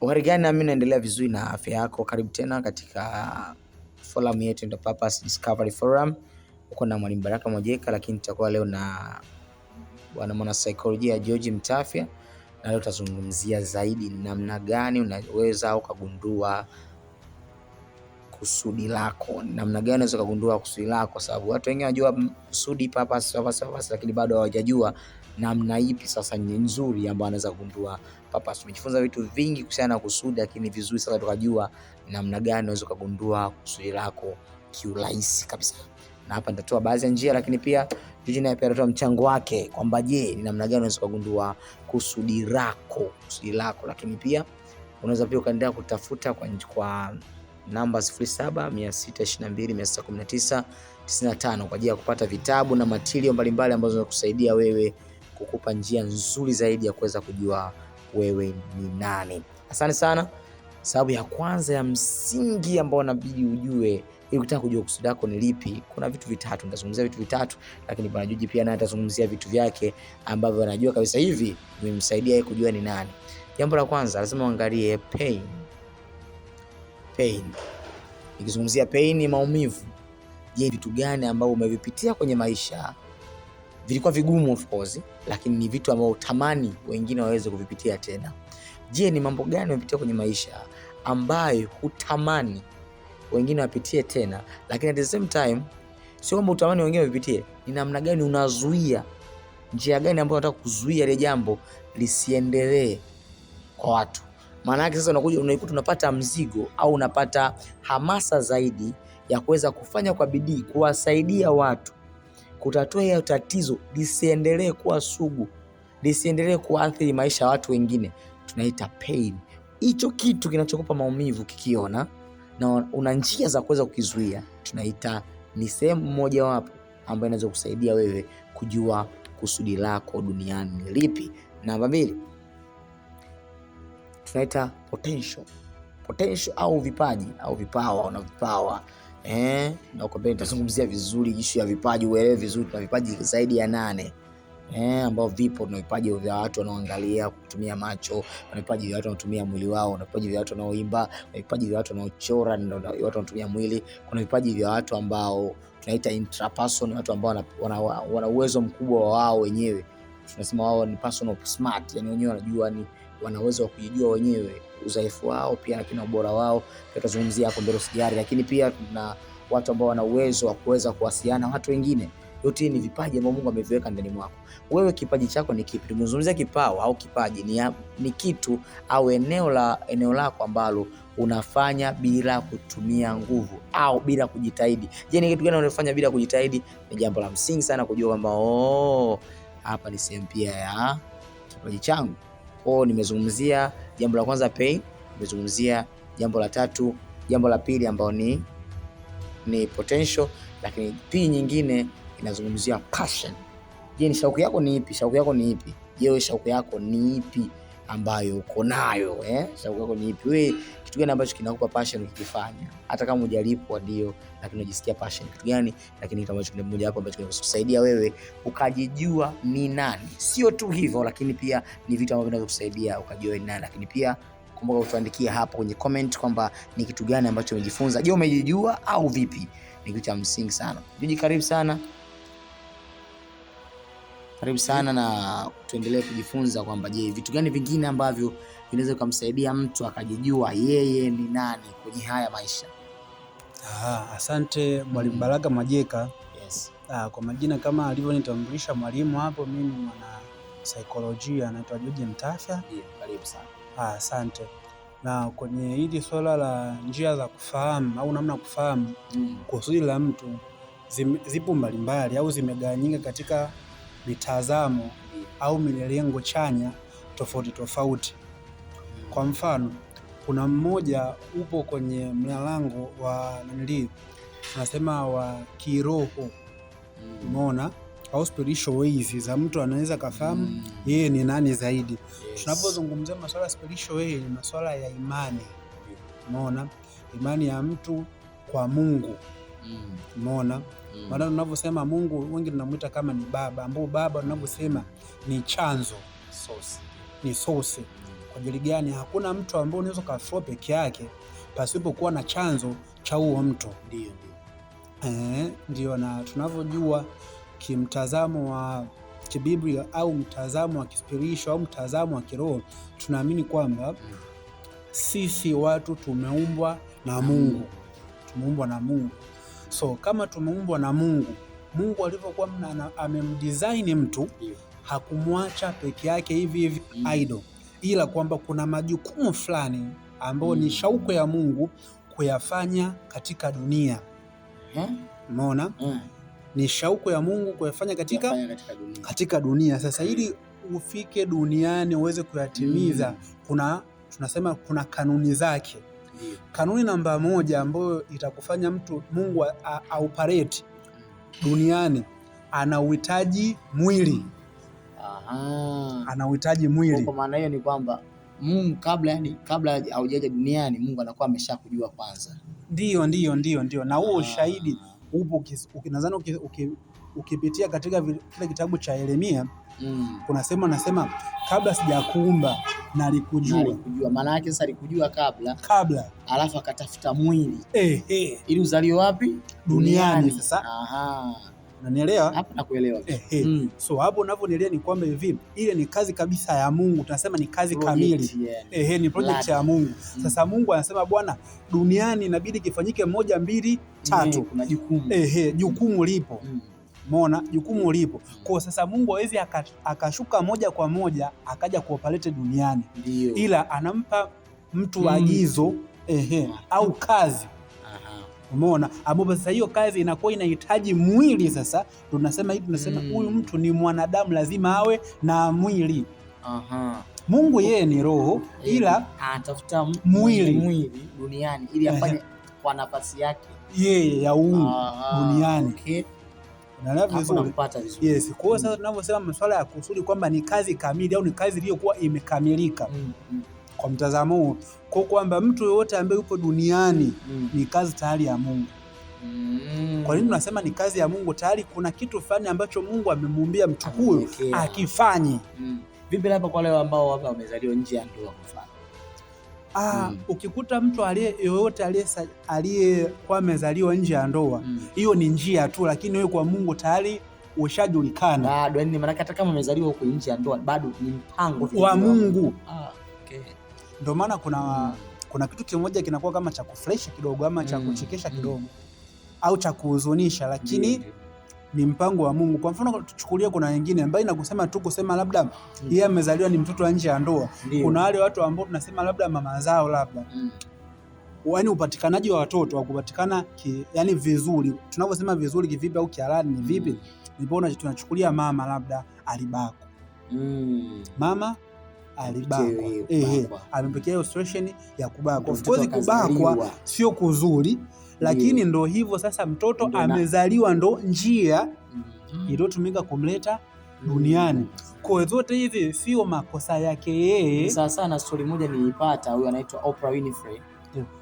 Uharigani nami naendelea vizuri na afya yako. Karibu tena katika forum yetu Ndoto Purpose Discovery Forum. Uko na mwalimu Baraka Mwajeka, lakini tutakuwa leo na bwana mwana saikolojia George Mtafya, na leo tutazungumzia zaidi namna gani unaweza ukagundua kusudi lako, namna gani unaweza kugundua kusudi lako, sababu watu wengi wanajua kusudi purpose, lakini bado hawajajua namna ipi sasa ni nzuri ambayo anaweza kugundua purpose. Tumejifunza vitu vingi kuhusiana na kusudi, lakini vizuri sana tukajua namna gani unaweza kugundua kusudi lako kiurahisi kabisa. Na hapa nitatoa baadhi ya njia, lakini pia Jiji naye pia anatoa mchango wake kwamba je, ni namna gani unaweza kugundua kusudi lako kusudi lako, lakini pia unaweza pia ukaendelea kutafuta kwa, kwa namba 0762261995 kwa ajili ya kupata vitabu na matirio mbalimbali ambazo zinakusaidia wewe kukupa njia nzuri zaidi ya kuweza kujua wewe ni nani. Asante sana. Sababu ya kwanza ya msingi ambao nabidi ujue ili ukitaka kujua kusudi lako ni lipi, kuna vitu vitatu. Nitazungumzia vitu vitatu, lakini Bwana Juji pia naye atazungumzia vitu vyake ambavyo anajua kabisa hivi vimemsaidia yeye kujua ni nani. Jambo la kwanza lazima uangalie pain. Pain ikizungumzia pain ni maumivu. Je, vitu gani ambavyo umevipitia kwenye maisha vilikuwa vigumu of course, lakini ni vitu ambavyo utamani wengine waweze kuvipitia tena. Je, ni mambo gani umepitia kwenye maisha ambayo hutamani wengine wapitie tena, lakini at the same time sio kwamba utamani wengine wapitie, ni namna gani unazuia, njia gani ambayo unataka kuzuia ile jambo lisiendelee kwa watu. Maana yake sasa unakuja unaikuta unapata mzigo au unapata hamasa zaidi ya kuweza kufanya kwa bidii kuwasaidia watu kutatua hiyo tatizo lisiendelee kuwa sugu, lisiendelee kuathiri maisha ya watu wengine, tunaita pain. Hicho kitu kinachokupa maumivu kikiona na una njia za kuweza kukizuia, tunaita ni sehemu mojawapo ambayo inaweza kusaidia wewe kujua kusudi lako duniani ni lipi. Namba mbili tunaita potential. Potential au vipaji au vipawa, una vipawa eh, na nitazungumzia vizuri ishu ya vipaji, uelewe vizuri, tuna vipaji zaidi ya nane eh, ambao vipo. Tuna vipaji vya watu wanaoangalia kutumia macho, na vipaji vya watu wanaotumia mwili wao, na vipaji vya watu wanaoimba, na vipaji vya watu wanaochora, na watu wanaotumia mwili. Kuna vipaji vya watu ambao tunaita intrapersonal, watu ambao wana uwezo mkubwa wao wenyewe, tunasema wao ni personal smart, yani wenyewe wanajua, ni wana uwezo wa kujijua wenyewe udhaifu wao pia lakini ubora wao, tutazungumzia hapo mbele Sigari, lakini pia na watu ambao wana uwezo wa kuweza kuwasiliana watu wengine. Yote ni vipaji ambavyo Mungu ameviweka ndani mwako. Wewe kipaji chako ni kipi? Tumezungumzia kipao au kipaji ni, ni kitu au eneo la eneo lako ambalo unafanya bila kutumia nguvu au bila kujitahidi. Je, ni kitu gani unafanya bila kujitahidi? Ni jambo la msingi sana kujua kwamba oh, hapa ni sehemu pia ya kipaji changu. Kwao nimezungumzia jambo la kwanza pay, nimezungumzia jambo la tatu, jambo la pili ambao ni, ni potential, lakini p nyingine inazungumzia passion. Je, ni shauku yako ni ipi? Shauku yako ni ipi? Je, shauku yako ni ipi? ambayo uko nayo eh? Shauku yako ni ipi? Wewe kitu gani ambacho kinakupa passion ukikifanya, hata kama hujalipwa ndio, lakini unajisikia passion kitu gani? Lakini kitu ambacho kimoja hapo ambacho kinakusaidia wewe ukajijua ni nani. Sio tu hivyo, lakini pia ni vitu ambavyo vinakusaidia ukajua ni nani, lakini pia kumbuka kutuandikia hapo kwenye comment kwamba ni kitu gani ambacho umejifunza. Je, umejijua au vipi? Ni kitu cha msingi sana. Jiji, karibu sana. Karibu sana na tuendelee kujifunza kwamba je, vitu gani vingine ambavyo vinaweza kumsaidia mtu akajijua yeye ni nani kwenye haya maisha. Ah, asante Mwalimu Baraka Majeka. Yes. Ah, kwa majina kama alivyonitambulisha mwalimu hapo, mimi mwana saikolojia anaitwa George Mtafya. karibu sana. Ah, asante. Na kwenye hili swala la njia za kufahamu au namna kufahamu mm. kusudi la mtu zipo mbalimbali au zimegawanyika katika mitazamo au milengo chanya tofauti tofauti. Kwa mfano, kuna mmoja upo kwenye mlango wa nili tunasema wa kiroho, umeona au spiritual ways za mtu anaweza kafahamu mm. ni nani zaidi. Yes. Tunapozungumzia masuala ya spiritual way ni masuala ya imani, umeona imani ya mtu kwa Mungu. Mm. Umeona? Mm. Maana tunavyosema Mungu wengi tunamwita kama ni baba, ambao baba unavyosema ni chanzo, source. Ni source. Mm. Kwa ajili gani? Hakuna mtu ambaye unaweza kafua peke yake pasipokuwa na chanzo cha huo mtu. Ndio, eh, ndio, na tunavyojua kimtazamo wa kibiblia au mtazamo wa kispirisho au mtazamo wa kiroho tunaamini kwamba mm. sisi watu tumeumbwa na Mungu, mm. tumeumbwa na Mungu So kama tumeumbwa na Mungu, Mungu alivyokuwa amemdesign mtu hakumwacha peke yake hivi hivi mm. idol, ila kwamba kuna majukumu fulani ambayo ni mm. shauku ya Mungu kuyafanya katika dunia. Umeona? Mm. Ni shauku ya Mungu kuyafanya katika, katika dunia, katika dunia. Sasa ili ufike duniani uweze kuyatimiza, kuna tunasema kuna kanuni zake. Kanuni namba moja ambayo itakufanya mtu Mungu aupareti duniani, ana uhitaji mwili. Aha. Ana uhitaji mwili. Kwa maana hiyo ni kwamba Mungu kabla yani, kabla haujaja duniani Mungu anakuwa ameshakujua kwanza. Ndio, ndio, ndio, ndio, na huo ah. ushahidi upo, nadhani ukipitia katika kile kitabu cha Yeremia mm. kuna sema anasema kabla sijakuumba nalikujua. Nalikujua maana yake sasa alikujua kabla kabla, alafu akatafuta mwili eh, eh. ili uzaliwe wapi? Duniani. Sasa aha, unanielewa hapo? Nakuelewa eh, eh. Mm. So hapo unavyonielewa ni kwamba hivi ile ni kazi kabisa ya Mungu, tunasema ni kazi project, kamili yeah. eh, eh, ni project ya Mungu mm. Sasa Mungu anasema bwana, duniani inabidi kifanyike moja mbili tatu, kuna jukumu eh, eh, jukumu lipo mm. Umeona jukumu lipo. Kwa sasa Mungu hawezi akashuka moja kwa moja akaja kuopalete duniani. Ndiyo. Ila anampa mtu mm. agizo ehe, au kazi Umeona, ambapo sasa hiyo kazi inakuwa inahitaji mwili. Sasa tunasema hivi, tunasema hmm. huyu mm. mtu ni mwanadamu, lazima awe na mwili. Aha. Mungu yeye ni roho, ila anatafuta mwili, mwili duniani ili afanye kwa nafasi yake yeye ya uu duniani. Okay na vizuri. Yes, kwa hiyo sasa mm. tunavyosema masuala ya kusudi kwamba ni kazi kamili au ni kazi iliyokuwa imekamilika mm. mm Kwa mtazamo huo kwa kwamba mtu yoyote ambaye yupo duniani mm ni kazi tayari ya Mungu mm Kwa nini tunasema ni kazi ya Mungu? Tayari kuna kitu fulani ambacho Mungu amemuumbia mtu huyo akifanye. mm Vipi labda kwa leo ambao wamezaliwa nje ya ndoa kwa Ah, mm. Ukikuta mtu aliye yoyote aliyekuwa amezaliwa nje ya ndoa mm. hiyo mm. ni njia tu, lakini wewe kwa Mungu tayari ushajulikana bado. Ah, yani maana hata kama umezaliwa huko nje ya ndoa bado ni mpango wa Mungu. Ah, okay. Ndio maana kuna mm. kuna kitu kimoja kinakuwa kama cha kufresh kidogo ama cha mm. kuchekesha mm. kidogo mm. au cha kuhuzunisha, lakini mm ni mpango wa Mungu. Kwa mfano tuchukulie, kuna wengine ambao nakusema tu kusema labda mm. yeye amezaliwa ni mtoto wa nje ya ndoa. Kuna wale watu ambao tunasema labda mama zao labda mm. Yaani upatikanaji wa watoto wakupatikana yani vizuri, tunavyosema vizuri kivipi au kihalali ni vipi? mm. tunachukulia mama labda alibako mm. mama alibako amepokea hiyo ya kubakwa. Of course kubakwa sio kuzuri lakini mm. ndo hivyo sasa, mtoto ndo amezaliwa, ndo njia mm. iliyotumika kumleta mm. duniani. Kwa zote hivi sio makosa yake yeye. Sasa sana. Stori moja niliipata, huyu anaitwa Oprah Winfrey,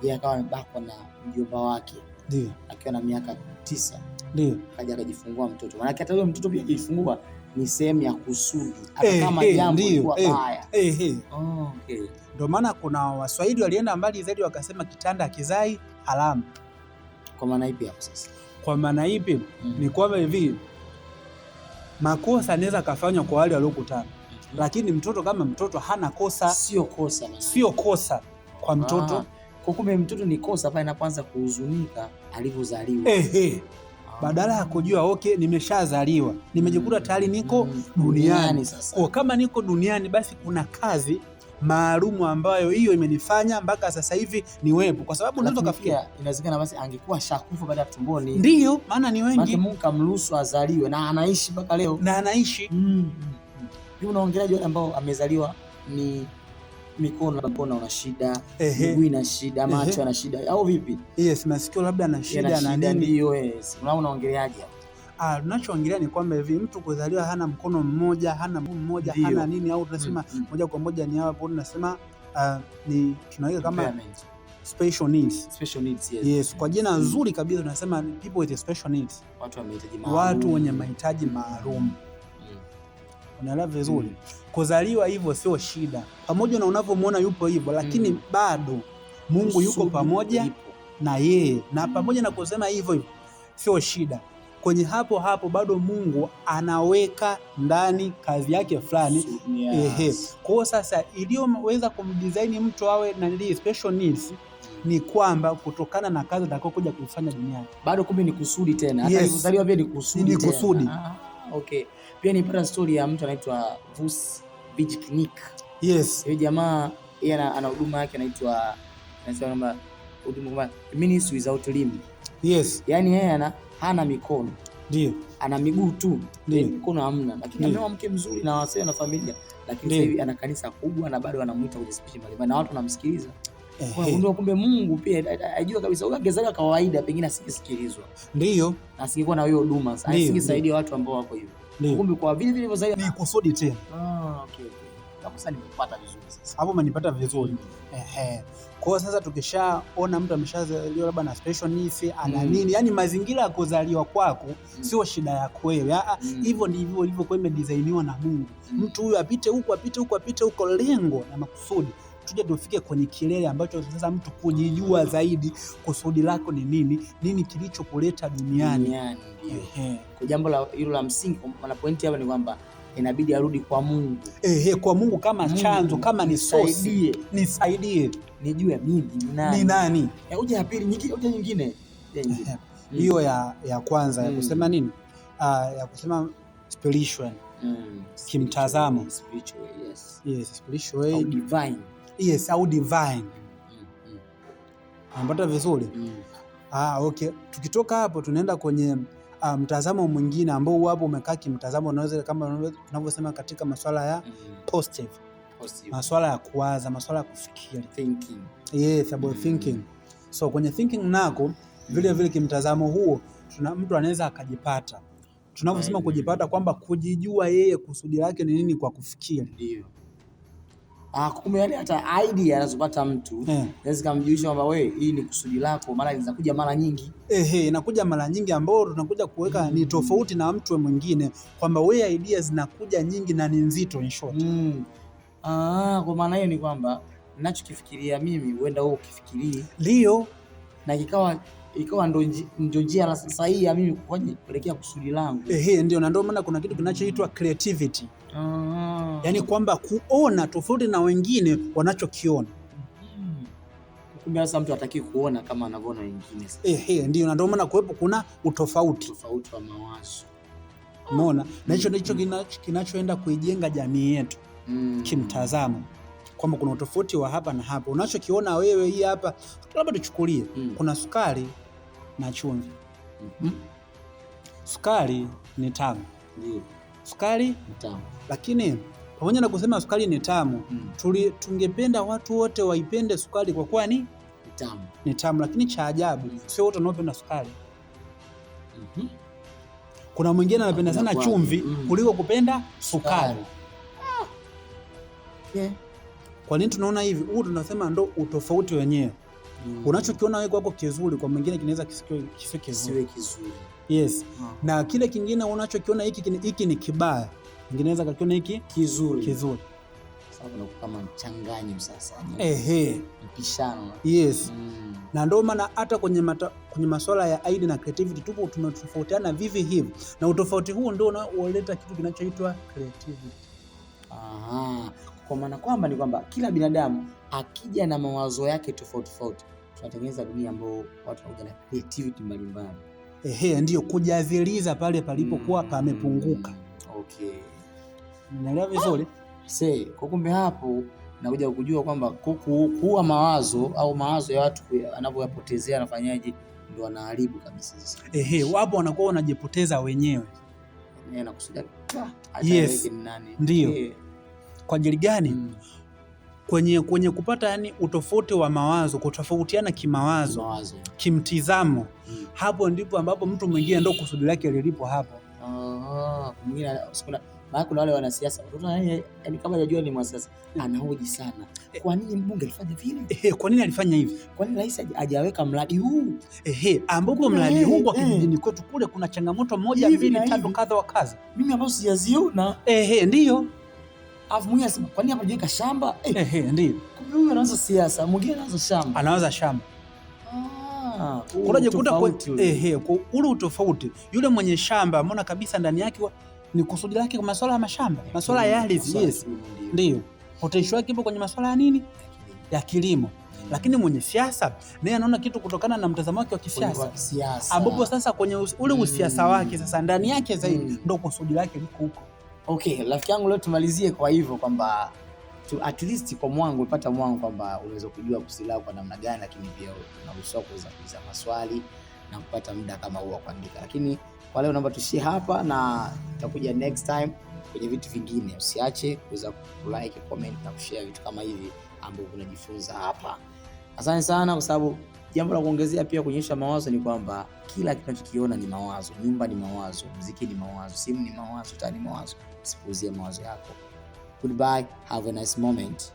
yeye akawa amebakwa na mjomba wake ndio akiwa na miaka tisa, ndio akaja akajifungua mtoto. Maana hata huyo mtoto pia kujifungua ni sehemu ya kusudi, hata eh, kama eh, jambo lilikuwa eh, baya. Ndio maana kuna Waswahili walienda mbali zaidi, wakasema kitanda kizai haramu. Kwa maana ipi hapo sasa? Kwa maana ipi? mm. ni kwamba hivi makosa anaweza kafanywa kwa wale waliokutana, mm. lakini mtoto kama mtoto hana kosa, sio kosa, sio kosa kwa ah. mtoto Kwa kumbe mtoto ni kosa pale anapoanza kuhuzunika alivyozaliwa. Ehe, ah. badala ya kujua okay, nimeshazaliwa nimejikuta tayari niko mm. duniani. Sasa kwa kama niko duniani, basi kuna kazi maalumu ambayo hiyo imenifanya mpaka sasa hivi niwepo, kwa sababu unaweza kufikia, inawezekana basi angekuwa shakufa baada ya tumboni. Ndio maana ni wengi Mungu kamruhusu azaliwe na anaishi mpaka leo na anaishi mm. mm, mm. Unaongeleaji wale ambao amezaliwa ni mikono mikono una shida, miguu ina shida, macho ana shida au vipi? Yes, masikio labda ana shida na nini? Unaongeleaje? Ah, tunachoongelea ni kwamba hivi mtu kuzaliwa hana mkono mmoja, hana mguu mmoja, hana nini, au tunasema mm -hmm. moja kwa moja ni hapo tunasema uh, ni tunaweka kama special needs. Special needs, yes. Yes, kwa jina mm. nzuri kabisa tunasema people with special needs. Watu wenye mahitaji maalum. Mm. Unaelewa vizuri mm. Kuzaliwa hivyo sio shida, pamoja na unavyomwona yupo hivyo, lakini mm. bado Mungu yuko pamoja na yeye na mm. pamoja na kusema hivyo hivyo sio shida kwenye hapo hapo bado Mungu anaweka ndani kazi yake fulani. Ehe, kwa sasa iliyoweza kumdesign mtu awe na nili special needs ni kwamba kutokana na kazi atakayokuja kufanya duniani bado kumbe ni kusudi tena. hata Yes. Hata pia ni kusudi, ni kusudi. Ah, okay. Pia nipata story ya mtu anaitwa Vus Bijknik. Yes. Yule jamaa yeye ana huduma yake anaitwa anasema kwamba huduma kama Ministry Without Limits. Yes. Yaani yeye ana hana mikono ndio, ana miguu tu ndio, yaani mikono hamna, lakini ameoa mke mzuri na wasio na familia, lakini sasa hivi ana kanisa kubwa na bado anamuita kwenye spishi mbalimbali na watu wanamsikiliza. Unagundua kumbe Mungu pia ajua kabisa, huyo angezaliwa kawaida pengine asingesikilizwa, ndio, na asingekuwa na hiyo huduma, asingesaidia watu ambao wako hivyo. Kumbe kwa vile vile vilivyozaliwa ni kusudi tena. Ah, okay kabisa, nimepata vizuri sasa. Hapo umenipata vizuri. Ehe. Kwa hiyo sasa tukishaona mtu ameshazaliwa labda na special needs ana mm. nini, yani mazingira ya kuzaliwa kwako mm. sio shida yako wewe. Ah, ah, mm. Hivyo ndivyo ilivyokuwa imedesigniwa na Mungu. Mtu huyu apite huko apite huko apite huko, lengo na makusudi tuje tufike kwenye kilele ambacho sasa mtu kujijua zaidi, kusudi lako ni nini, nini kilichokuleta duniani. Kwa jambo la hilo la msingi, na pointi hapa ni kwamba inabidi arudi kwa Mungu. Ehe, kwa Mungu kama chanzo, kama ni sosi, nisaidie nijue mimi ni nani. Hoja ya pili nyingine nyingine mm. hiyo ya, ya kwanza mm. ya kusema nini uh, ya kusema spiritual mm. kimtazamo spiritual, yes. Yes, spiritual. Au divine. Yes, au divine Mm. ambata mm. vizuri mm. Ah, okay, tukitoka hapo tunaenda kwenye mtazamo ah, mtazamo mwingine ambao wapo umekaa kimtazamo, unaweza kama tunavyosema katika masuala ya mm -hmm. positive, positive, masuala ya kuwaza, masuala ya kufikiri thinking. Yes, about mm -hmm. thinking. So kwenye thinking nako vile mm. vile kimtazamo huo tuna, mtu anaweza akajipata tunavyosema kujipata kwamba kujijua yeye kusudi lake ni nini kwa kufikiri. Ndio. Ah, kumbe yani hata idea anazopata mtu yeah, kamjulisha kwamba wewe hii ni kusudi lako, mara inakuja mara nyingi ehe, inakuja mara nyingi ambao tunakuja kuweka mm, ni tofauti na mtu mwingine kwamba wewe idea zinakuja nyingi na ni nzito in short mm. Ah, kwa maana hiyo ni kwamba nachokifikiria mimi huenda wewe ukifikirii ndio na kikawa ikawa ndio njia sahihi ya mimi kuelekea kusudi langu. Ehe, ndio, na ndio maana kuna kitu kinachoitwa creativity Ah. Yaani kwamba kuona tofauti na wengine wanachokiona hmm. kumbe sasa mtu hataki kuona kama anavyoona wengine. sasa. Ehe, ndio na ndio maana kuwepo kuna utofauti tofauti wa mawazo, umeona? Na hicho ndicho kinachoenda kuijenga jamii yetu mm. kimtazamo kwamba kuna utofauti wa hapa na hapa, unachokiona wewe hii hapa, labda tuchukulie mm. kuna sukari na chumvi. mm -hmm. Sukari ni tamu yeah. Sukari ni tamu, lakini pamoja na kusema sukari ni tamu mm. tuli, tungependa watu wote waipende sukari kwa kuwa ni tamu, ni tamu, lakini cha ajabu mm. sio wote wanaopenda sukari mm -hmm. Kuna mwingine anapenda sana chumvi mm. kuliko kupenda sukari ah. yeah. Kwa nini tunaona hivi? Huu tunasema ndo utofauti wenyewe mm. Unachokiona wewe kwako kizuri, kwa mwingine kinaweza kisiwe kizuri. kizuri. Yes. mm. Na kile kingine unachokiona hiki hiki ni kibaya, kinaweza kakiona hiki kizuri kizuri kama mchanganyo sasa. Ehe. Mpishano. Yes. Mm. Na ndio maana hata kwenye mata, kwenye masuala ya ID na creativity tupo tunatofautiana vivi hivi, na utofauti huu ndio unaoleta kitu kinachoitwa creativity. Aha. Kwa maana kwamba ni kwamba kila binadamu akija na mawazo yake tofauti tofauti tunatengeneza dunia ambayo watu wanakuja na creativity mbalimbali. Ehe, ndio kujadhiliza pale palipokuwa mm, pamepunguka. Okay, naelewa vizuri ah, see. Kwa kumbe hapo nakuja kujua kwamba kuua mawazo au mawazo ya watu anavyoyapotezea anafanyaje, ndo wanaharibu kabisa. Sasa ehe, wapo wanakuwa wanajipoteza wenyewe nakusudia. Yes, ndio kwa ajili gani? mm kwenye, kwenye kupata yani utofauti wa mawazo, kutofautiana kimawazo, mawazo, kimtizamo hmm. Hapo ndipo ambapo mtu mwingine ndio kusudi lake lilipo hapo. kuna wale wanasiasa yaani, kama najua ni mwanasiasa eh. anahoji sana, kwa nini mbunge alifanya vile eh, kwa nini alifanya hivi, kwa nini rais hajaweka mradi huu ehe, ambapo mradi huu kwa kijijini kwetu kule kuna changamoto moja mbili tatu kadha wa kadha, mimi ambazo sijaziona Ehe, ndio Alafu mwingine anasema kwa nini hapajiweka shamba? Eh, eh, eh, ndio. Kumbe huyu anaanza siasa, mwingine anaanza shamba. Anaanza shamba. Ah, ah unajikuta kwa eh, eh, ule utofauti. Yule mwenye shamba umeona kabisa ndani yake ni kusudi lake kwa masuala ya mashamba, masuala ya ardhi, yes. Ndio. Potential yake ipo kwenye masuala ya nini? Ya kilimo. Lakini mwenye siasa naye anaona kitu kutokana na mtazamo wake wa kisiasa, ambapo sasa kwenye ule usiasa mm. wake sasa ndani yake zaidi mm. ndo kusudi lake liko huko. Okay, rafiki yangu, leo tumalizie kwa hivyo kwamba at least kwa mwangu upata mwangu kwamba unaweza kujua kusilau kwa namna gani, lakini pia unaruhusiwa kuweza kuuliza maswali na kupata muda kama huo wa kuandika. Lakini kwa leo naomba tuishie hapa na tutakuja next time kwenye vitu vingine. Usiache kuweza kulike, comment na kushare vitu kama hivi ambavyo unajifunza hapa. Asante sana kwa sababu Jambo la kuongezea pia kuonyesha mawazo ni kwamba kila kinachokiona ni mawazo, nyumba ni mawazo, muziki ni mawazo, simu ni mawazo, taa ni mawazo. Usipuuzie mawazo yako. Goodbye, have a nice moment.